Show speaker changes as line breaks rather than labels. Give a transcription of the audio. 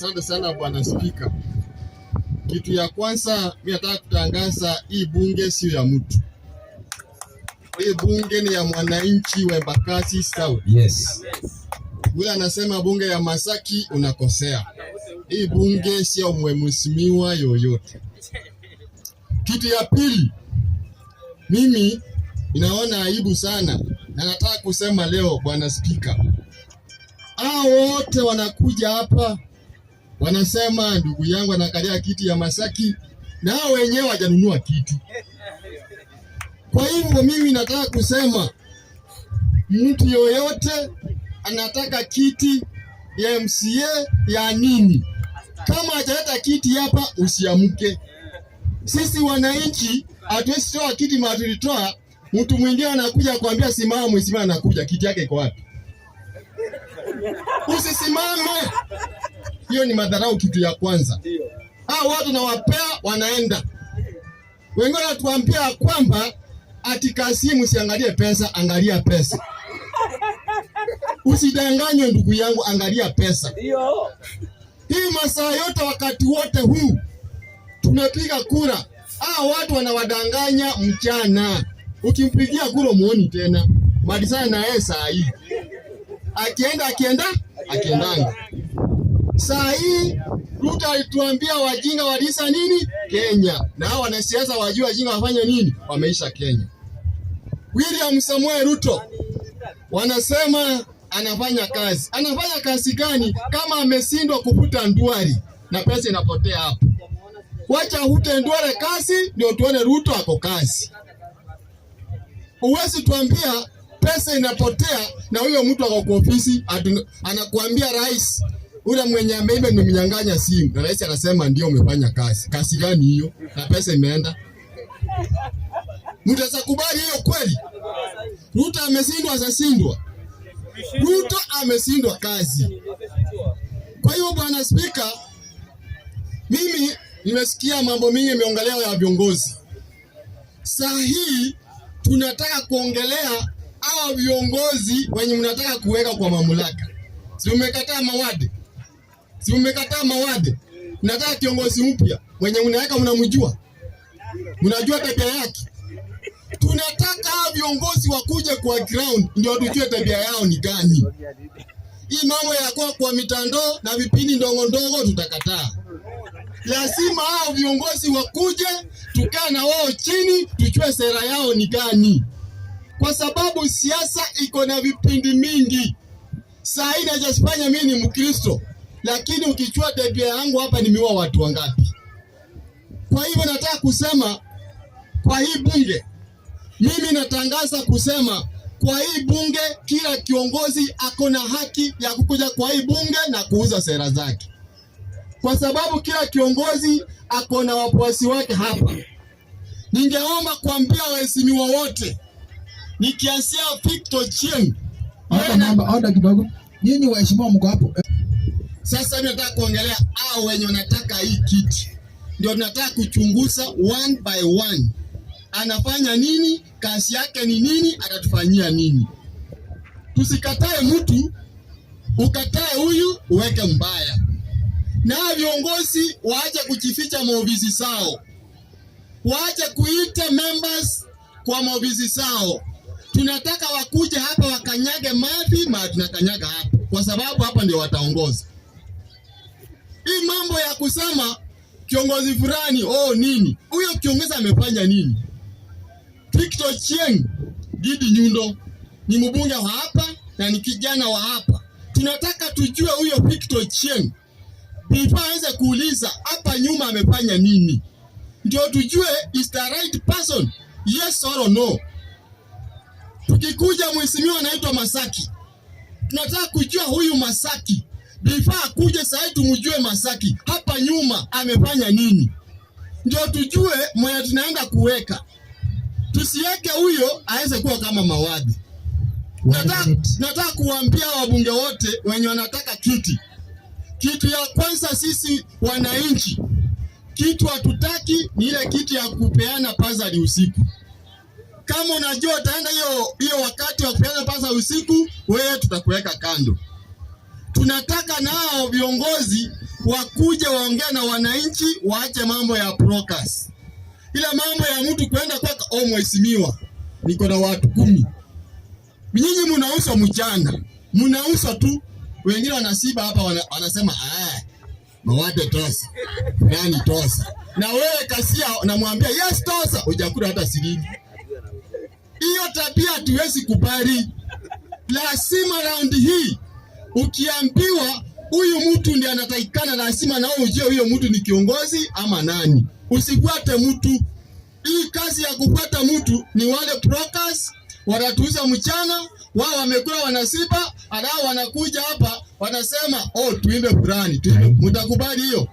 Asante sana bwana Spika. Kitu ya kwanza mimi nataka kutangaza hii bunge sio ya mtu. Hii bunge ni ya mwananchi wa Embakasi South. Yes. Yule anasema bunge ya Masaki unakosea. Hii bunge sio mheshimiwa yoyote. Kitu ya pili, mimi inaona aibu sana na nataka kusema leo bwana Spika, hao wote wanakuja hapa wanasema ndugu yangu anakalia kiti ya Masaki na hao wenyewe hajanunua kiti. Kwa hivyo mimi nataka kusema mtu yoyote anataka kiti ya MCA ya nini, kama hajaleta kiti hapa usiamke. Sisi wananchi hatuwezi toa kiti matulitoa, mtu mwingine anakuja kuambia simama, mwisimama, anakuja kiti yake iko wapi? Usisimame hiyo ni madharau, kitu ya kwanza. Hao watu nawapea, wanaenda wengine wanatuambia kwamba ati Kassim, usiangalie pesa, angalia pesa. Usidanganywe ndugu yangu, angalia pesa. Hii masaa yote, wakati wote huu tumepiga kura, hao watu wanawadanganya mchana. Ukimpigia kura muoni tena, malizana na yeye saa hii, akienda akienda akiendanga saa hii Ruto alituambia wajinga walisa nini Kenya, na hao wanasiasa wajua wajinga wafanye nini, wameisha Kenya. William Samuel Ruto wanasema anafanya kazi, anafanya kazi gani kama ameshindwa kuvuta ndwari na pesa inapotea hapo? Wacha hute ndwari kazi, ndio tuone Ruto ako kazi. Uwezi tuambia pesa inapotea na huyo mtu ako kwa ofisi anakuambia rais Ule mwenye ameiba nimemnyang'anya simu. Na rais anasema ndio umefanya kazi. Kazi gani hiyo? Na pesa imeenda. Mtu kubali hiyo kweli? Ruto ameshindwa asashindwa. Ruto ameshindwa kazi. Kwa hiyo Bwana Spika, mimi nimesikia mambo mingi imeongelewa ya viongozi. Saa hii tunataka kuongelea hawa viongozi wenye mnataka kuweka kwa mamlaka. Si umekataa mawadi? Si mmekataa mawade. Nataka kiongozi mpya mwenye unaweka, unamjua, Mnajua tabia yake. Tunataka viongozi wakuje kwa ground ndio tujue tabia yao ni gani. Hii mambo ya kwa kwa mitandao na vipindi ndogo ndogo tutakataa. Lazima hao viongozi wakuje, tukaa na wao chini, tujue sera yao ni gani, kwa sababu siasa iko na vipindi mingi. Saa hii najasifanya mimi ni Mkristo, lakini ukichua tabia yangu hapa, nimeua watu wangapi? Kwa hivyo nataka kusema kwa hii bunge, mimi natangaza kusema kwa hii bunge, kila kiongozi ako na haki ya kukuja kwa hii bunge na kuuza sera zake, kwa sababu kila kiongozi ako na wafuasi wake hapa. Ningeomba kuambia waheshimiwa wote, nikianzia Victor Cheng. Oda kidogo, nyinyi waheshimiwa mko hapo. Sasa nataka kuongelea hao wenye wanataka hii kiti, ndio tunataka kuchunguza one by one, anafanya nini, kazi yake ni nini, atatufanyia nini. Tusikatae mtu, ukatae huyu uweke mbaya, na viongozi waache kujificha maofisi zao, waache kuita members kwa maofisi zao. Tunataka wakuje hapa wakanyage mavi ma tunakanyaga hapa, kwa sababu hapa ndio wataongoza. Hii mambo ya kusema kiongozi fulani oh nini, huyo kiongozi amefanya nini? Victor Chieng Gidi Nyundo ni mbunge wa hapa na ni kijana wa hapa. Tunataka tujue huyo Victor Chieng before aweze kuuliza hapa nyuma amefanya nini, ndio tujue is the right person, yes or no. Tukikuja mheshimiwa anaitwa Masaki, tunataka kujua huyu Masaki bifaa akuje hii tumjue Masaki hapa nyuma amefanya nini, ndio tujue mwenye tunaenda kuweka. Tusiweke huyo aweze kuwa kama Mawadi. Nataka, nataka kuwaambia wabunge wote wenye wanataka kiti, kitu ya kwanza sisi wananchi, kitu hatutaki ni ile kitu ya kupeana pazari usiku. Kama unajua utaenda hiyo hiyo wakati wa kupeana pazari usiku, wewe tutakuweka kando tunataka nao viongozi wakuje waongee na wananchi, waache mambo ya brokers. ila mambo ya mtu kwenda kwaka, oh mheshimiwa, niko na watu kumi. Nyinyi mnauswa mchana, mnauswa tu. Wengine wanasiba hapa wana, wanasema ah, mawate tosa yani tosa, na wewe kasia, namwambia yes tosa, hujakula hata shilingi. Hiyo tabia hatuwezi kubali, lazima raundi hii ukiambiwa huyu mtu ndiye anatakikana, lazima nao ujue huyo mtu ni kiongozi ama nani. usikwate mtu. Hii kazi ya kupata mtu ni wale brokers wanatuuza mchana, wao wamekula wanasiba, alafu wanakuja hapa wanasema oh, tuimbe fulani, tuimbe. Mtakubali hiyo?